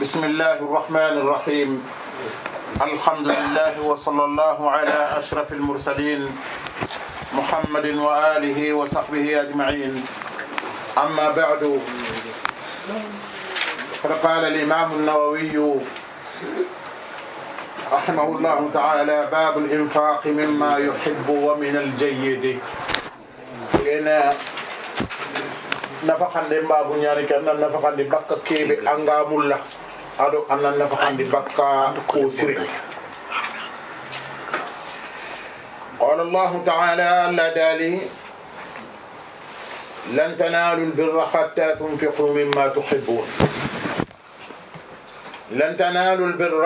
بسم الله الرحمن الرحيم الحمد لله وصلى الله على أشرف المرسلين محمد وآله وصحبه أجمعين أما بعد فقال الإمام النووي رحمه الله تعالى باب الإنفاق مما يحب ومن الجيد ena نفقا mbabu ñaani kenna nafakande bakka keɓe الله aɗo allah nafa hande bakka ko sire قال الله تعالى لا دالي لن تنالوا البر حتى تنفقوا مما تحبون لن تنالوا البر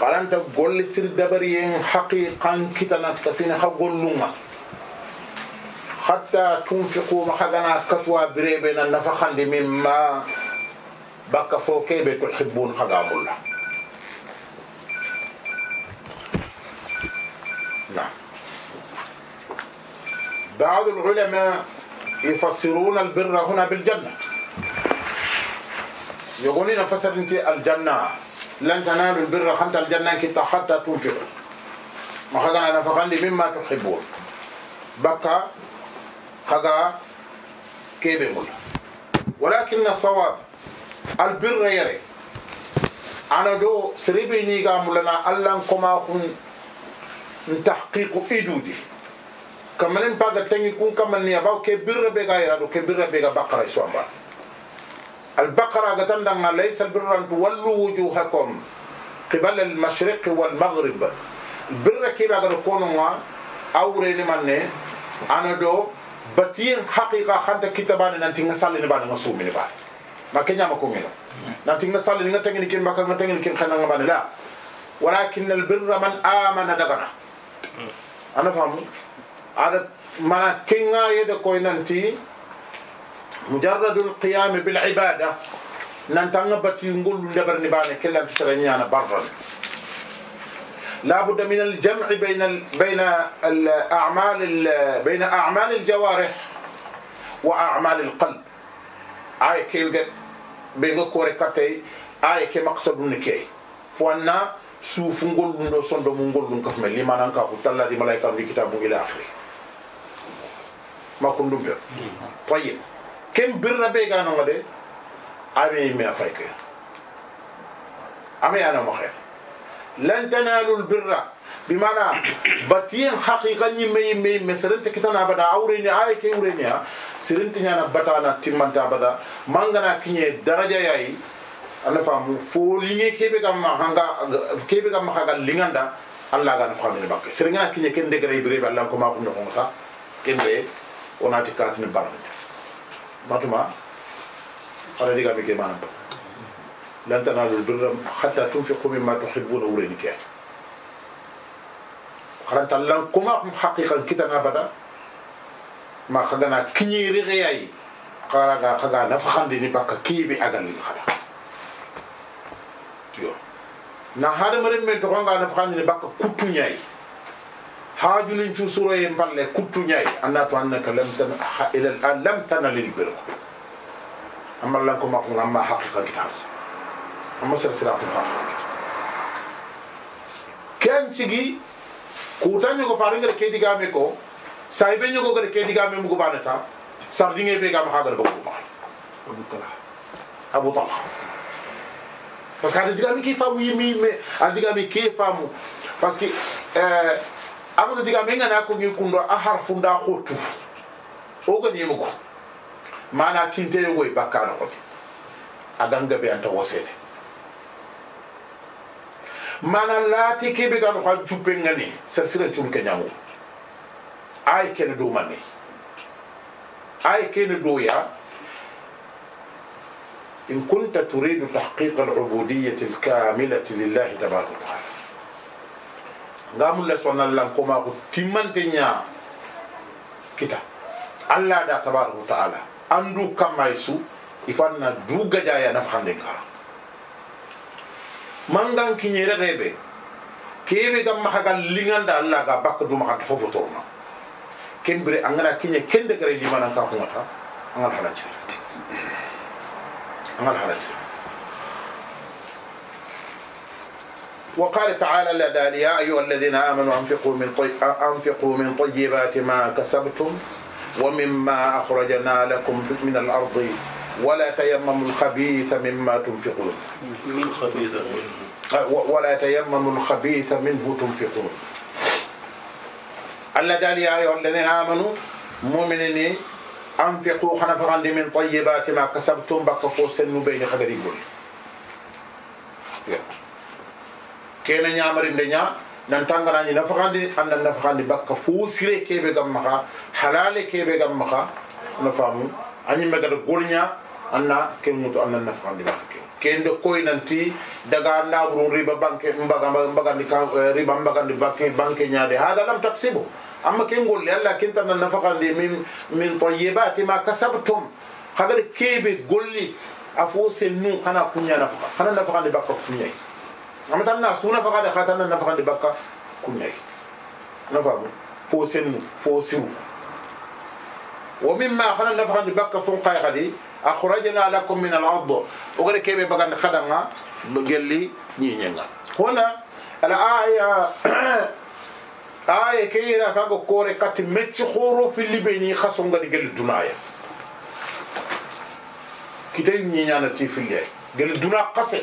قرنت قول سر دبرين حقيقا كتنا تفين حقولنا حتى تنفقوا محدنا كتوا بريبنا نفخا مما بقى fo keɓe to خدام الله نعم بعض العلماء يفسرون البر هنا بالجنة يقولون فسر انت الجنة لن تنالوا البر خمت الجنة كنت حتى تنفقوا ما خذا أنا فقال مما تحبون بقى خذا كيف ولكن الصواب البر يري انا دو سريبي نيغا مولانا الله كما كون تحقيق ايدودي كمان باغا تاني كون كمان ني باو كبر بيغا يرا دو كبر بيغا بقرة سوامبا البقرة غتان دان ليس البر ان تولوا وجوهكم قبل المشرق والمغرب البر كي باغا كونوا او ريني مان ني انا دو باتين حقيقه خانت كتابان نانتي نسالي نبان مسومي نبان ما كنيا ما كومينا نانتي نصلي لنا تنين كين باكا ما تنين كين خنا ما لا ولكن البر من آمن دغنا أنا فاهم هذا ما كنا يدكوي نانتي مجرد القيام بالعبادة نانتانا باتي نقول لبر نبانا كلا في سرني أنا برا لابد من الجمع بين ال... بين الأعمال ال... بين أعمال الجوارح وأعمال القلب عايك يلقى be ga kore katay aye ke maqsadun ke fo anna suufu ngollum ɗo sondo mu ngollum kafme limanan ka ko talladi malaika ndi kitabu ila akhiri makko ndum ɓen tayib ken birna be ganoga de ame yimme a fayke ame yanamo xeer lan tanalu lbirra bimana batien haqiqa ni me me me serente kitana bada awre ni ay ke wure ni serente nyana batana timmanta bada mangana kinye daraja yayi ana famu fo linge kebe gam ma hanga kebe gam hanga linganda alla ga na famu bakke serengana kinye ken de grey brebe alla ko ma ko ngon ta kende onati katni barande matuma ala diga mi ke manam lan tanalul birra hatta tunfiqu mimma tuhibbuna wure ni ke خرنت الله كم أحم حقيقة كتنا بدا ما خدنا كني رغياي قارا قا خدنا بك كي بي أجن لي خلا نهار مرن من تكون قا نفخن دني بك كتنياي هاجون ينشو سورة يمبل كتنياي أنا توانا كلام تنا إلى الآن لم تنا للبرق أما الله كم أحم أما كتاس أما سلسلة كان تيجي kuta ñogo faare ngere ke digame ko saybe ñogo gere ke digame mugo baneta sardinge be gam hagar babu ma abu talha abu talha parce que ada digame ke famu yimi me ada digame ke famu parce que euh agono digame ngana ko ngi kundo a harfu nda khotu o gani yimugo mana tinte yogo e bakkano ko aganga be anta wosede mana lati ke be gano kan chupen ngani sa sira chum ke nyamu ai ken do mani ai ان كنت تريد تحقيق العبوديه الكامله لله تبارك وتعالى غامل لسون الله كما تيمانتي كتا الله دا تبارك وتعالى اندو كما يسو يفنا دوغا جايا نفخاندي mangan kiñere xeɓe keɓe gam maxa ga liganda alla ga bakka dumaxat fofo torna ken bire a ngana kiñe ken degara limananka kungata a ngal xalatir a ngal xalatir وقال تعالى لذلك يا أيها الذين آمنوا أنفقوا من, طي... أنفقوا من طيبات ما كسبتم ومما أخرجنا لكم من الأرض ولا تيمم الخبيث مما تنفقون من خبيث أه، ولا تيمم الخبيث منه تنفقون الله قال يا أيها الذين آمنوا مؤمنين أنفقوا خنفقا من طيبات ما كسبتم بقفوا سنوا بين خبرين بول كينا نعمرين دنيا nantangarani nafakandi anda nafakandi bakka fo sire kebe gam maxa halale kebe gam maxa no faamu añimme anna kengutu anna nafagandi maxa ke kende koy nanti daga naburun riba banke mbagandi riba mbagandi banke ñaade hada lam taksibu amma ke ngolle alla kentana nafagandi min min tayyibati ma kasabtum xagada kebe golli a fo sennu xana kuña nafaxa xana nafagandi bakka kuñayi amatan na su nafagade xa tanna nafagandi bakka kuñayi nafamu fo sennu fo siru wo mimma xana nafagandi bakka fon xay xadi أخرجنا لكم من الأرض وغير كيف بغن خدنا بجلي نينينا هنا الآية آية كيرا فاقو كوري قط متخورو في اللي بيني خاصون غادي جلي الدنايا كده نينينا تي في اللي جلي الدنا قصي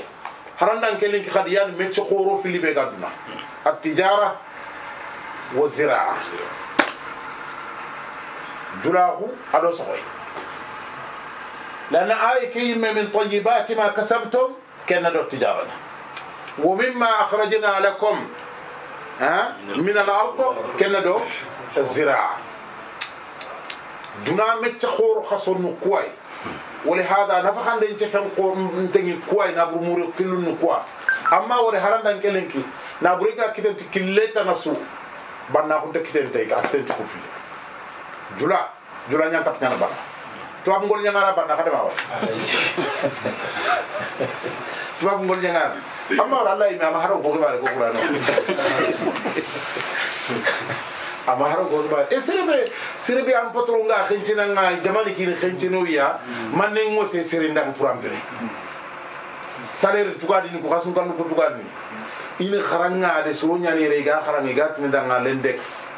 هرندان كيلين كخديان متخورو في اللي بيغا الدنا التجارة والزراعة جلاغو هذا صغير لأن آية كلمة من طيبات ما كسبتم كان له تجارنا ومما أخرجنا لكم من الأرض كان له الزراعة دونا متخور خصون كوي ولهذا نفخا دين تفهم قوم دين كوي نابر مور كل كوا أما وري هران دان كلنكي نابريكا كتن تكليتا نسو بنا كنت كتن تيك أكتن تكوفي جولا جولا نيان كتن بانا tubabu ngol ñangana banna xadama wa tubabu ngol ñangana amma wala allah yimi ama haro goge bare ko qur'an ama haro goge bare e eh, sirbe sirbe am potro nga xencina nga jamani kini xencino ya man ne ngo se sire ndam pour ambere salaire tugadi ni ko xasun kan ko tugadi ni ina xaranga de so ñani re ga ga tin danga l'index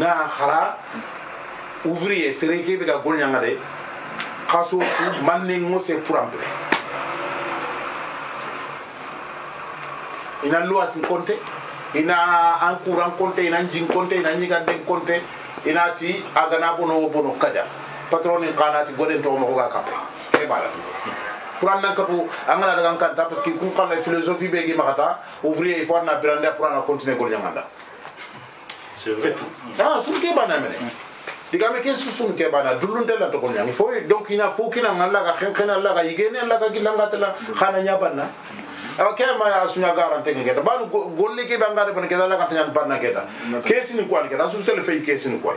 na xara ouvrier sere kebe ga gol nyanga de kaso su manne mo se purambe ina loi sin konte ina encourant konte ina njin konte ina nyiga den konte ina ti agana bono bono kada patron ni kana ti goden to mo ga kapa e bala kuran nan kapu angana daga kan ta parce que kun kan la philosophie be gi makata ouvrier il faut na brande pour na continuer gol nyanga da c'est vrai ah sur ke banamene igame ken susum ke bana dullun tella to konya fo donc ina fo kina ngalla ka khen khen alla ka igene alla ka kilanga tella khana nya banna awa ke ma asunya garante ke ta banu golle ke banga de ban ke alla ka tan banna ke kesi ni kwal ke rasul tele fe kesi ni kwal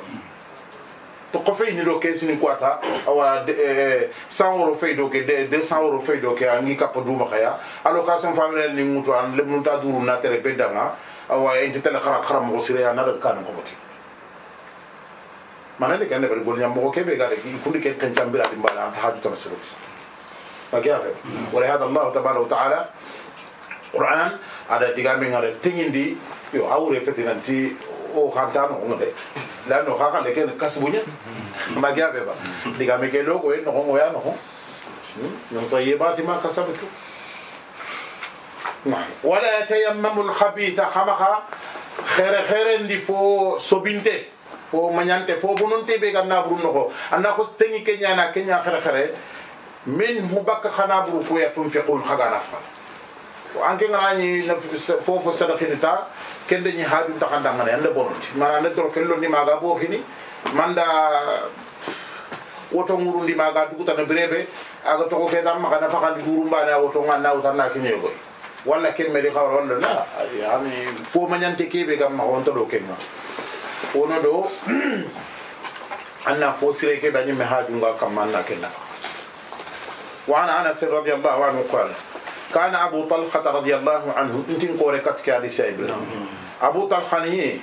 to ko fe ni do kesi ni kwata awa 100 eh, eh, euro fe do ke 200 euro fe do ke angi kapoduma kaya allocation familiale ni mutu an le mutu duru na tere pedanga awa inte e tele khara khara mo sire na de kan ko boti mana le kan ne bari golnya mo ke be gare ki kundi ken kan tambira din bala ta haju tamassul ma ke afa wala hada allah tabaraka wa taala qur'an ada tiga mengare tingindi yo awre fetinanti o khantano ngode la no khaka le ken kasbunya ma ke afa tiga me ke logo en ngo ya no non tayyibati ma kasabtu ولا تيمموا الخبيث خمخا خير خير اللي فو صبنته fo mañante fo bononte ɓe gan naɓuru noxo anda ko tengi ke ñana ke ña xere xere min hu bakka xa naɓuru koya tunfiqun xaga nafqal anke ngarañi fofo sadakinita kende ñi haaju taxandangane anda bononti mana anda toro ken londi maga bo kini manda woto ngurundi maga dugutana birebe aga togo ke dam magana fakandi gurumbane a woto ngan nawutanna kiñegoy walla ken meri xawra walla na ami fo mañante keɓe gam maxa wonta ɗo kenga wono do anna fo sire ke dañi me haajunga kamma anna ke nafa wa an anas radiallahu anhu qala kana abu talhata radiallahu anhu intin koore katke adi saybla abu talha ni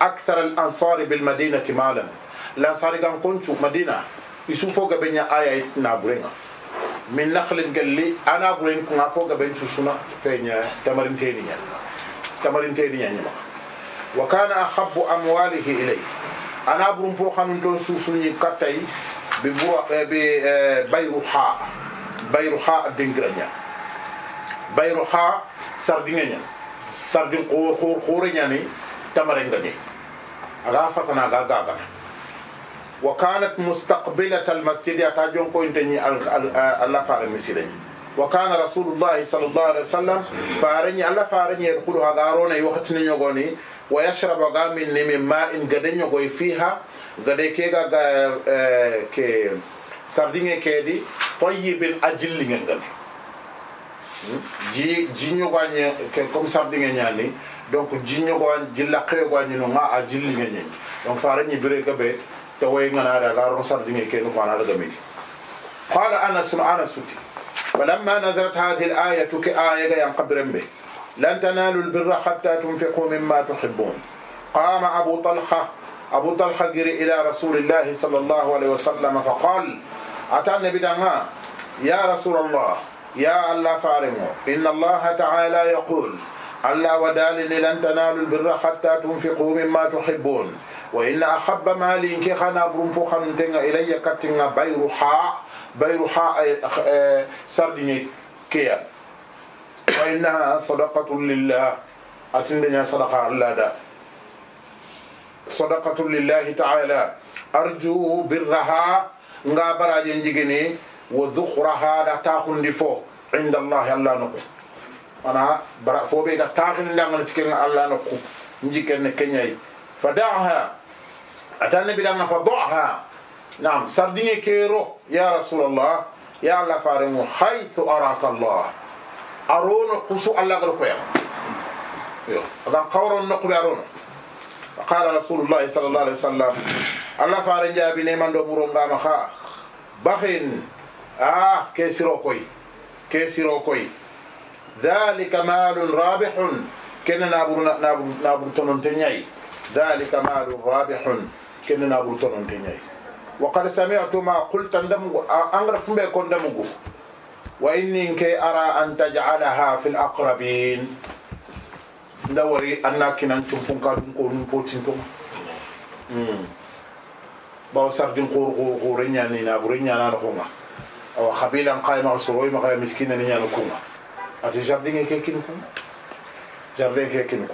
akthar al ansari bil madinati malan lansari gan koncu madina isu fo gabe ña aya na burenga min nahlin gelli ana buren kunga fo gabe susuna feña tamarinteni ña tamarinteni ña ñamaka wa kana ahabbu amwalihi ilayhi ana burum po xanun to susuni kattay bi bu bi bayruha bayruha dengranya bayruha sardinganya sardin qor qor qorenya ni tamare ngade aga fatana ga ga ga wa kanat mustaqbilat al masjid ata jon ko intani allah fara misidani wa kana rasulullah sallallahu alaihi wasallam farani allah farani yadkhulu hagarona waqtini nyogoni wa yashrabu ga min ni min ma'in gade ñogoy fiha gade kega ga ke sardiŋe keedi toyibin a jilliŋe ngane ji jiñogoañe ke comme sardiŋe ñani donc jiñogoa jillakeyogoañino nga a jilliŋe ñeñi donc fara ñibire gabe te way nganaade aga ron sardiŋe keenu koanaɗaga migi qala anasun anasuti falamma nazarat hadihi l ayatu ke ayaga yankabiren ɓe لن تنالوا البر حتى تنفقوا مما تحبون قام أبو طلحة أبو طلحة جري إلى رسول الله صلى الله عليه وسلم فقال أتى النبي يا رسول الله يا الله فارمو إن الله تعالى يقول ألا ودالني لن تنالوا البر حتى تنفقوا مما تحبون وإن أحب مالي إنك خنا برمبو خنتنا إلي كتنا بيرحاء بيرحاء سردني كيان wa innaha sadaqatun lillah atindeña sadaqa allah da sadaqatun lillahi taala arju birraha nga baraje jigini wa duhraha da tahundi fo inda allahi allah nokku ana bara foɓe ga tahinilangana cikenga allah nokku jikkenne keñayi fa daha atanne biɗanga fa doha nam sardiŋe kero ya rasulallah ya allah farengu haythu araka allah أرون قصو الله يا هذا قور النقب أرون قال رسول الله صلى الله عليه وسلم الله فارن جابي نيمان دو مرون غام خا بخين آه كيسيرو كوي كيسيرو كوي ذلك مال رابح كنا نابر نابر نابر تنون تنياي ذلك مال رابح كنا نابر تنون تنياي وقد سمعت ما قلت اندم انغرف مبه كون دمغو وإني كي أرى أن تجعلها في الأقربين دوري أنا كنا نتمكن كادون كون بوتين توما باو سردين قور قور قور نياني نابوري يعني أو خبيلا قائمة سروي مقايا مسكينة يعني نيانا نخوما أتي جردين كي كي نخوما جردين كي كي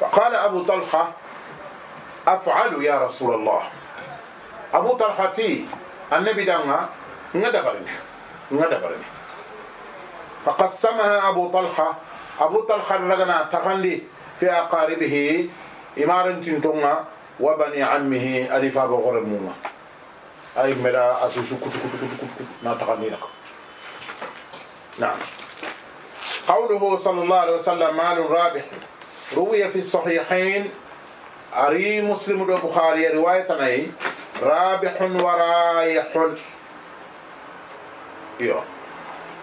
فقال أبو طلحة أفعل يا رسول الله أبو طلحة تي النبي دانا ندبرني فقسمها أبو طلحة أبو طلحة رغنا تخلي في أقاربه إمارة تنتونا وبني عمه أليفا بغر الموما أي مرا أسوسو نعم قوله صلى الله عليه وسلم مال رابح روي في الصحيحين أري مسلم البخاري رواية رابح ورايح iyo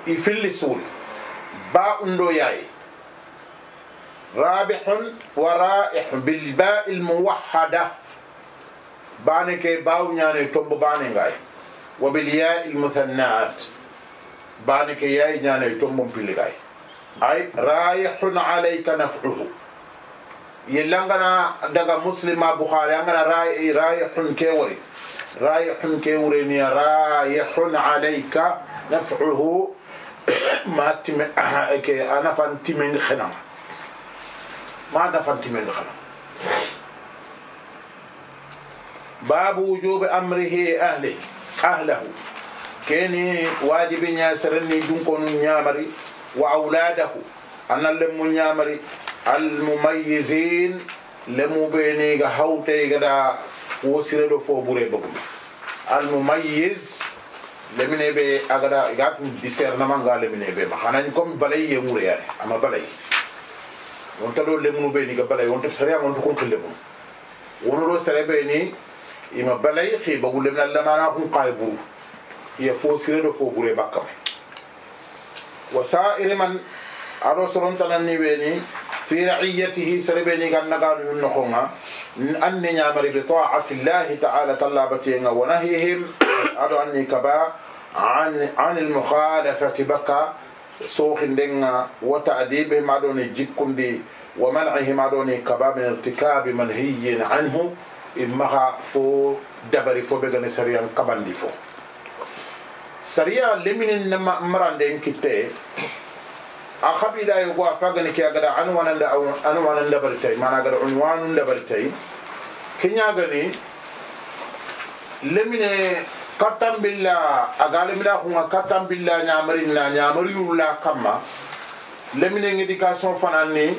i filli suuri باء دوياي رابح ورائح بالباء الموحدة بانك باو نياني توب باني غاي وبالياء المثنات بانك ياي نياني توب بيل غاي أي رايح عليك نفعه يلانغنا دغا مسلم بخاري انغنا راي رايح كوري رايح كوري رايح عليك نفعه ما تم أنا فانت من خنا ما أنا من خنا باب وجوب أمره أهله أهله كيني واجب ياسرني جنكون نيامري وأولاده أنا لم نيامري المميزين لم بيني هاوتي غدا وسيرلو فوبوري بكم المميز lemine be agada igatum discernement nga lemine be ma hanan comme balay ye mure yare ama balay on tado lemunu be ni ga balay on to sariya on to kon kelemu wono do sare be ni ima balay khi bagu lemna lamana kun qaibu ya fo sire do fo bure bakka wa sa'ir man aro soron tanan ni be ni fi ra'iyatihi sare be ni ganna ga no khonga أن يامر بطاعة الله تعالى طلبت ونهيهم أدو أني كبا عن عن المخالفة بكا سوخ لنا وتعذيبهم أدوني جيكم دي ومنعهم أدوني كبا من ارتكاب منهي عنه إما فو دبري فو بغني سريعا قبل دي فو سريعا لمن نمران دين كتير a kabila yo go a fagani ke agada anwanan da anwanan da bartai mana agada unwanun da bartai kinya gani lemine kattan billa aga lemina kunga kattan billa ñamari na ñamari yulla kamma lemine éducation fanan ni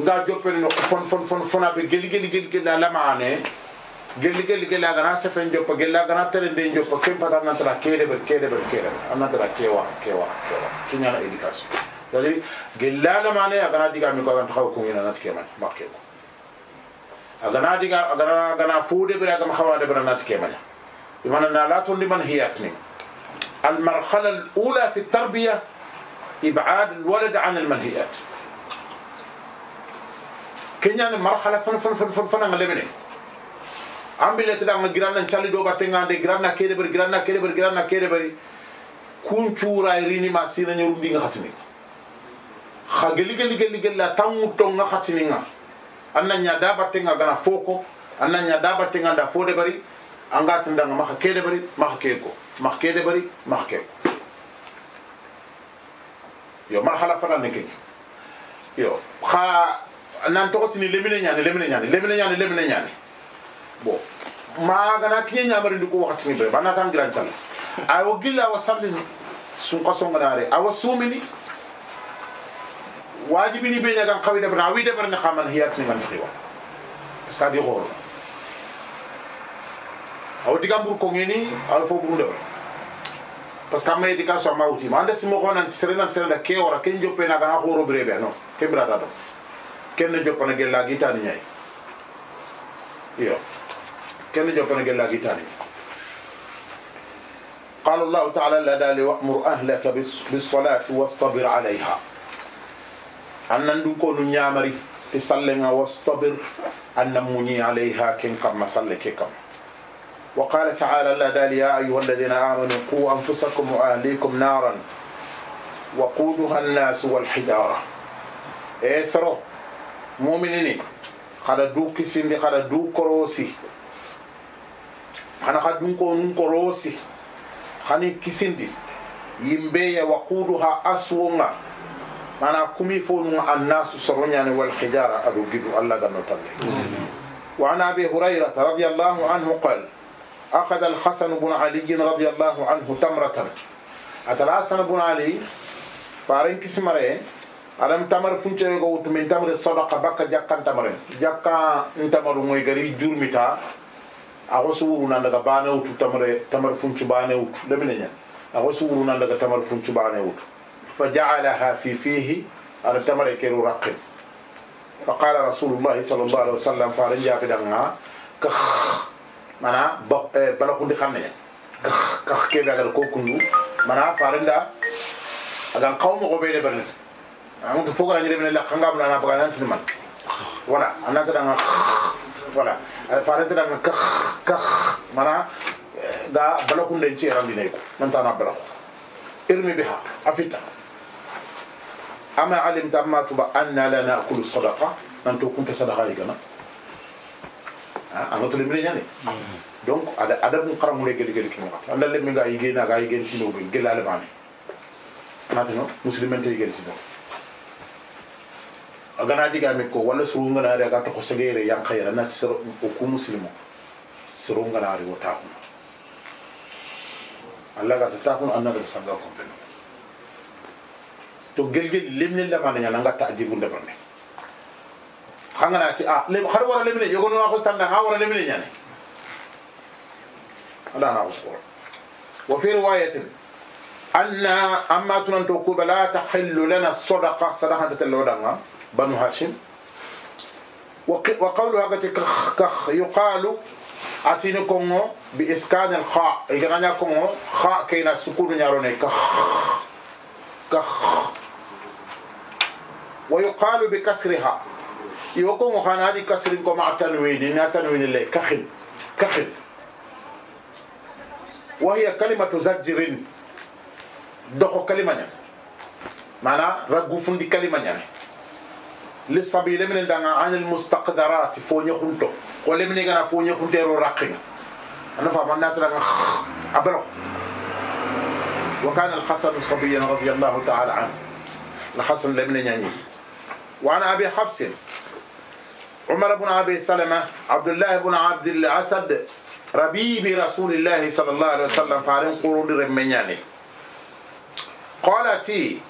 nga joppeni no fon fon fon fona be geli geli geli geli na lamaane gelli gelli gelli agana sefen joppa gelli agana terende joppa ken pata annatara kedeɓer kedeɓer kedeɓer annatara kewa kewa kewa keñana éducation c'est à dire gellalamane agana digami ko aganto xawa kuñina nati keman makkema agana diga agana agana fodeɓere agama xawa deɓere nati kemaña imanana la tondi man hiyatni المرحلة الأولى في التربية إبعاد الولد عن المنهيات كنيان مرحلة فن فن فن فن فن غلبني ambile tanga giranna challi do batenga de giranna kede ber giranna kede ber giranna kede ber kun chura irini masina nyoru dinga khatini khageli geli geli gella tamu tonga khatini nga anna nya da batenga gana foko anna nya da batenga da fode bari anga tindanga maka kede bari maka keko maka kede bari maka keko yo marhala fana ne kenya yo kha nan tokotini lemine nyane lemine nyane lemine nyane lemine nyane Bo, ma bon kinya kiye ñamarendi ko waxatini bere bana tan gran tan wo gilla awa sallini sunka songanare aw sumini ni be bana wi de bana khamal hiyat ni man khiwa sadi xooro awa ko kongeni aw fo buru debar parce que ama ma uti wutima ande simo nanti serena serena ke wora ken na nagana xooro bire be no, ke brada do ken ne joppana gella gitani ñayi iyo كن جوكنا قال لها قال الله تعالى لا دال وأمر أهلك بالصلاة واصطبر عليها أن ندكون نيامري تسلنا واصطبر أن نمني عليها كن كما سلك كم وقال تعالى لا دال يا أيها الذين آمنوا قوا أنفسكم وأهليكم نارا وقودها الناس والحجارة إسرو إيه مؤمنين خلا دو كسين خلا دو xana xa dunko nun korosi xani kisindi yimbe ya waquduha aswonga mana kumi fo nun annasu soroñane wal hijara aɗo gidu allah ganno talle وعن أبي هريرة رضي الله عنه قال أخذ الحسن بن علي رضي الله عنه تمرة أتلاسن بن علي فارن كسمره alam tamar funce go tumin tamre sadaqa baka jakkan tamarin jakka ntamar moy gari jurmita ago suwuru nan daga bane wutu tamare tamar funcu bane wutu da mine nyan ago suwuru nan daga tamar funcu bane wutu fa ja'alaha fi fihi ala tamare keru raqin fa qala rasulullah sallallahu alaihi wasallam fa ran jafi danga ka mana bala kundi xamne ka ka ke daga ko kundu mana fa ran da agan qawmo go be de berne amu to foga ni de mine la kanga bana na baga nan tin man wala anata danga wala farentena men kakh kakh mana ga balakunde en ceerandinay ko nantana balaku irmi biha a fitta ama alimta amma tuba anna la nakulu sadaqa nanto kunta sadaqa yigana anotole mine ñani donc ada ada mum karamure geli geli kimo kat anda lemmi ga yigena ga yigen tino be gelale bani natino muslimente yigen tino agana diga me ko wala suru ngana re ga to segere yang khayra na sir ko ku muslimo suru ngana re wata ku Allah ga ta ku annabi sanga ko be to gelgel limne la man nyana ngata ajibu nda barne khangana ti a le khar wala limne yogo no ko standa ha wala limne nyane ala na usqur wa fi riwayatin anna amma tunantu kubala tahillu lana sadaqa sadaqa tatallodanga بنو هاشم وقوله هكذا كخ كخ يقال أتيني كونغو بإسكان الخاء إذا كونغو خاء كينا سكون ياروني كخ كخ ويقال بكسرها يوكم خان هذه كسر كما تنوين ان تنوين لي كخل كخل وهي كلمة زجر دخو كلمة نعم. معنى رغو فندي كلمة يعني لصبي لمن دعا عن المستقدرات فوني خنتو قل لمن يجنا فوني خنتو يرو أنا فما الناس لنا أبرو وكان الحسن صبيا رضي الله تعالى عنه الحسن لمن يعني وعن أبي حفص عمر بن أبي سلمة عبد الله بن عبد الأسد ربيب رسول الله صلى الله عليه وسلم فارن قرون رمياني قالتي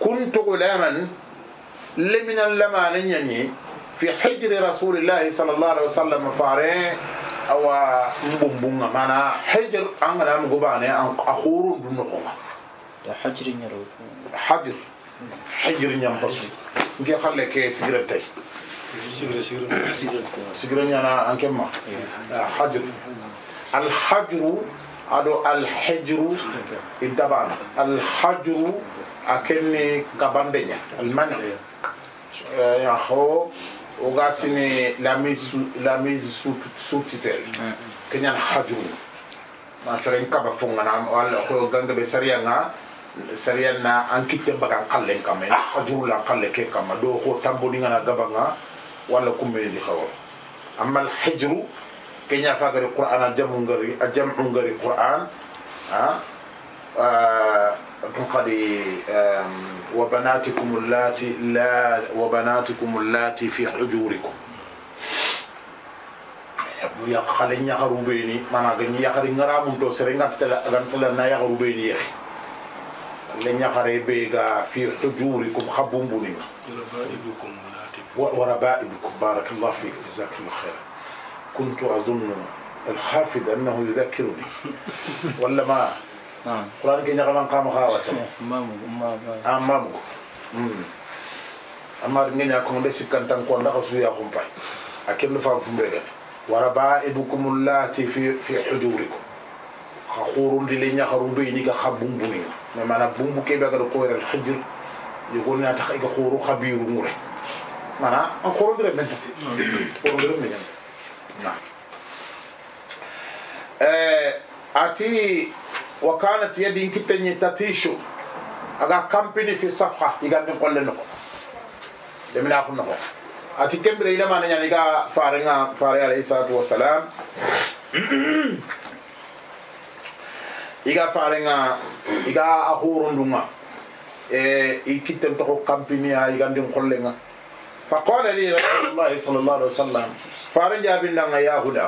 كنت غلاما لمن اللمانين يعني في حجر رسول الله صلى الله عليه وسلم فاري أو سبب بونا مانا حجر أمر أم غباني أن أخور بنقوم حجر نرو حجر حجر نعم بسوي نجي خلي كيس غرتي سيغرين أنا أنكما حجر الحجر أدو الحجر إنتبان الحجر أكني كبندنيا المنع yanxo ogatini la mise sous, la mise sous, sous tutelle kenyan hajun masaren kaba fongana wala ko ganga be sariya nga sariya na an kitte baga kallen kam en hajun la kalle ke kam do ko tamboni ngana gaba nga wala kumbe di xawol amma al hijru kenya fagari qur'an al jamu ngari al jamu ngari qur'an ha فقد وبناتكم اللاتي لا وبناتكم اللاتي في حجوركم يا خلين يا خروبيني ما نغني يا خلين غرامون تو سرين غفتلا غنتلا نا يا خروبيني يا خلين يا خريبي غا في حجوركم خبون بوني وربائبكم وربائبكم بارك الله فيك جزاك الله خير كنت اظن الخافض انه يذكرني ولا ما kuran ke nyaka man kama kawa ta mamu amma mamu amma ngi nya ko de sikkan tan ko ndaka su ya kumpa akem no fam fumbe ga wara ba idukum lati fi fi hudurikum ka khurun di le nyaka ru ni ga khabum bu ni ma mana bumbu ke ga ko rer khijir yo ko na tax ga khuru khabiru ngure mana an khuru dire men khuru dire men na eh ati وكانت يدي كتني تتيشو أغا كامبيني في صفحة يغان نقول لنقو دمنا أقول نقو أتي كمبري لما نيان يغا فارنا فاري عليه الصلاة والسلام يغا فارنا يغا أخورن دوما يكتن إيه، تقو كامبيني يغان نقول لنقو فقال لي رسول الله صلى الله عليه وسلم فارن جابين لنا يا هدى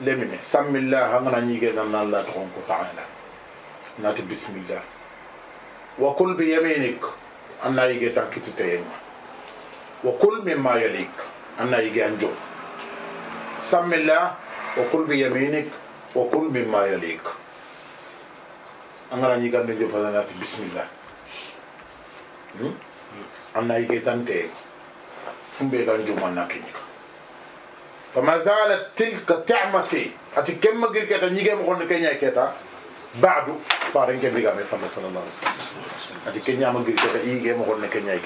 لمن سم الله هنغنا نيجي نالا تقوم تعالى nati bismillah wa kul bi yaminik anna yige tankiti teyenga wa kul mimma yalik anna yige anjo sammillah wa kul bi yaminik wa kul mimma yalik angara ñigande jo fasanati bismillah hmm? anna yige tan teyenga fumbe gan jumanna keñika fama zalat tilka tamati ati kemma gir keta ñigemo xonne keñay keta بعد فارن كبير كما محمد صلى الله عليه وسلم هذه كنيا من غير كذا إيه ما هو نكنيا إيه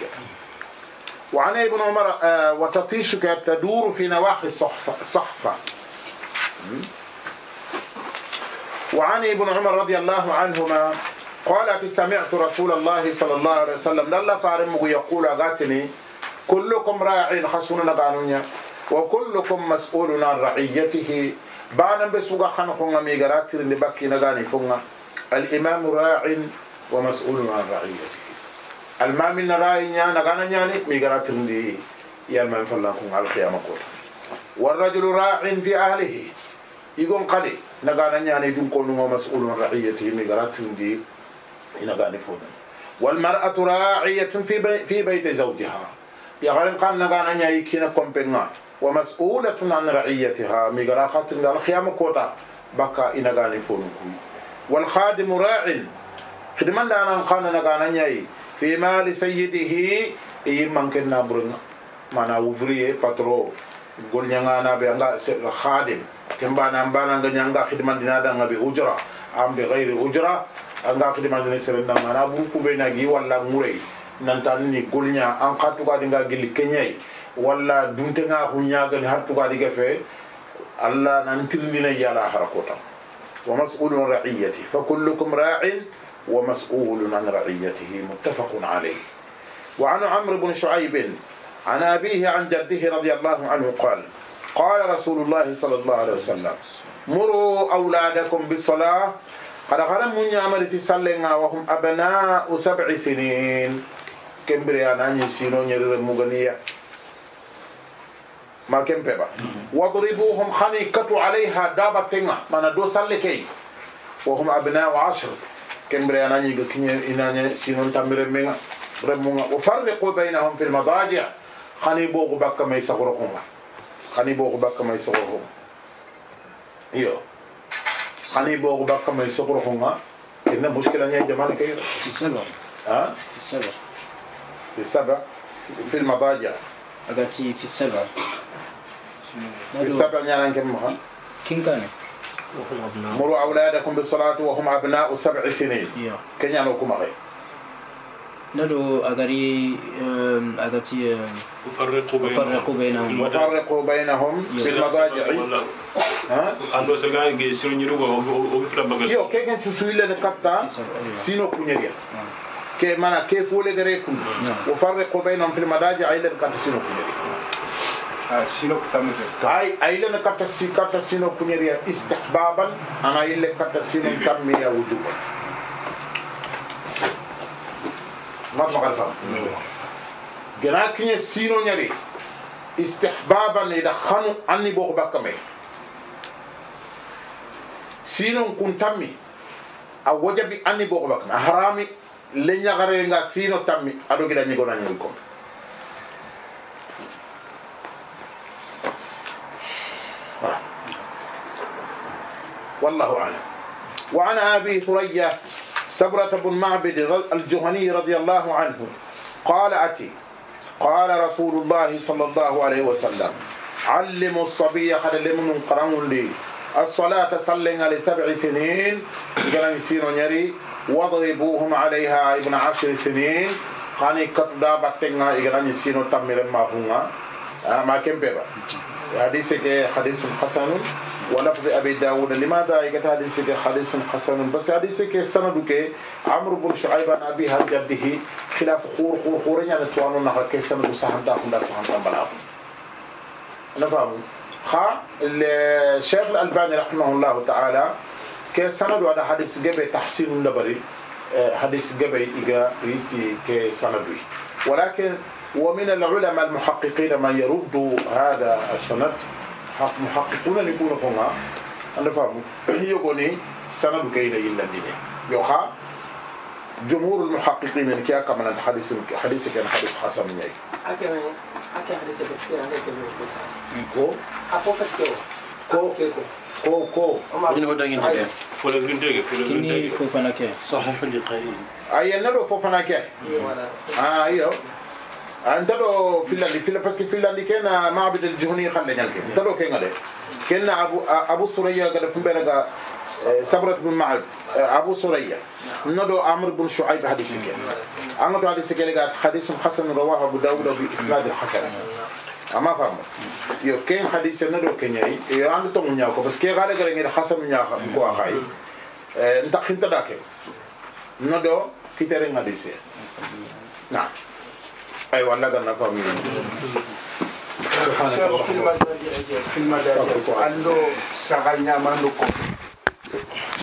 وعن ابن عمر آه، وتطيشك تدور في نواحي الصحفة, صحفة وعن ابن عمر رضي الله عنهما قال سمعت رسول الله صلى الله عليه وسلم لا فارمه يقول غاتني كلكم راعي حسن نغانونيا وكلكم مسؤول عن رعيته بعد أن بسوغا خنقونا ميغرا ترين بكي نغاني فونا الإمام راع ومسؤول عن رعيته المام نراي نيا نغانا نياني ميغرا ترين دي يالمان فلنقونا القيامة قوتا والرجل راع في أهله يقول قلي نغانا نياني دون قولنا ومسؤول عن رعيته ميغرا ترين دي نغاني فونا والمرأة راعية في بي في بيت زوجها يا غالي قال نغانا نياني كينا كومبينات ومسؤولة عن رعيتها ميغراخات من الخيام كوتا بكا إنغاني فونكوي والخادم راع خدما لانا نقانا نغانا في مال سيده إي مانكن نابرن مانا وفريه باترو قول نغانا بأنغا سر خادم كم بانا مبانا نغانا خدما دينا دانا بأجرة أم بغير أجرة أنغا خدما دينا سرنا مانا بوكو بيناجي والا موري نانتاني قول نغانا أنقاتو قادنغا قلي كنيي walla duntenga ku ñagali har tugadige fe allah nan tirndina yala hara kotam wa masulun raiyati fa kullukum ra'in wa masulun an raiyatihi muttafaqun alayh وعن عمرو بن شعيب عن أبيه عن جده رضي الله عنه قال قال رسول الله صلى الله عليه وسلم مروا أولادكم بالصلاة قد غرم من يعمل تسلنا وهم أبناء سبع سنين كمبريانا يسينون يرمغنيه ma kempeba wadribuhum khanikatu alayha daba tenga mana do salle kay wa hum abna'u ashr kembre anani ga kinye inane sinon tamire menga remunga wa farriqu bainahum fil madaji' khani bogu bakka may sagrokunga khani bogu bakka may sagrokunga iyo khani bogu bakka may sagrokunga inna mushkila nya jamana kay sabr ha sabr في السبع في المضاجع أبتي في السبع سبع نيران كم ها كين كان مروا أولادكم بالصلاة وهم أبناء سبع سنين كين يانو كم عليه نرو أجري أجتي أفرقوا بينهم أفرقوا بينهم أفرقوا بينهم في المضاجع ها عندو سجان جي سرنيرو غو غو فلان بعكس يو كين تسويلة نكتا أيوة. سينو كنيريا آه. كي مانا كيف ولا غيركم وفرقوا آه. بينهم في المضاجع عيلة بكتا سينو كنيريا sino kutamu fe ay ay le kata si kata sino kunyeri istihbaban ana ile kata sino tammi ya wujuba ma fa kalfa gena kinye sino nyari istihbaban ida khanu anni bo bakame sino kun tammi a wajabi anni bo bakame harami le nyagare nga sino tammi ado gida nyigona nyigona والله أعلم وعن أبي ثريا سبرة بن معبد الجهني رضي الله عنه قال أتي قال رسول الله صلى الله عليه وسلم علموا الصبي قد لمن قرن لي الصلاة صلنا لسبع سنين قال نسير يري واضربوهم عليها ابن عشر سنين خاني كتدا بكتنا إغران نسير تمر ما هنا آه، ما كم بيبا حديثك حديث حسن ولفظ أبي داود لماذا هذه حديثك حديث حسن بس حديثك كي عمرو بن شعيب عن أبي هل جده خلاف خور خور خور يعني توانو نحن كي سند سهم داخل دا سهم داخل بلاغ نفهم خا الشيخ الألباني رحمه الله تعالى كي سند على حديث جبه تحسين النبري حديث جبه إيجا ريتي كي سندوي ولكن ومن العلماء المحققين من يرد هذا السند محققون نكون فونا أنا فاهم يقولي سنة بكينا إلا الدنيا يوخا جمهور المحققين إن كيا كمان الحديث حديث كان حديث حسن نيجي أكيد أكيد حديث بكتير أنا كمان كو أفوفت كو كو كو كو إنه هو دعين هذا فلو بندق فلو بندق كني فوفنا كي صحيح اللي قايل أيه نبغى فوفنا كي آه أيه أنا أقول لك أن فيلاندي كنا معبد الجهني خلنا نحكي عندلو كنا له كنا أبو أبو سوريا قال في بلغة صبرت بن معبد آه، أبو سوريا ندو عمرو أن شعيب حديث كنا عمرو حديث سكيل قال حديث حسن رواه أبو داود بإسناد الحسن أما فهم يو كين حديث ندو كنا يو عند تونا نياكو بس كي قال قال غير حسن من ياك بقوا خاي آه، نتاخن تداكي ندو كتير حديث نعم أيوة لقى نفهم سبحانك في المدى في المدى قال سغلنا ما نكون